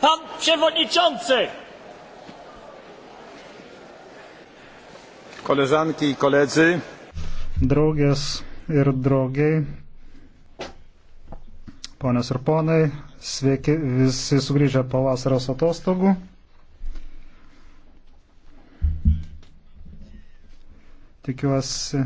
Pan Przewodniczący! Koleżanki i koledzy. Draugės ir draugiai, ponios ir ponai, sveiki visi sugrįžę po vasaros atostogų. Tikiuosi,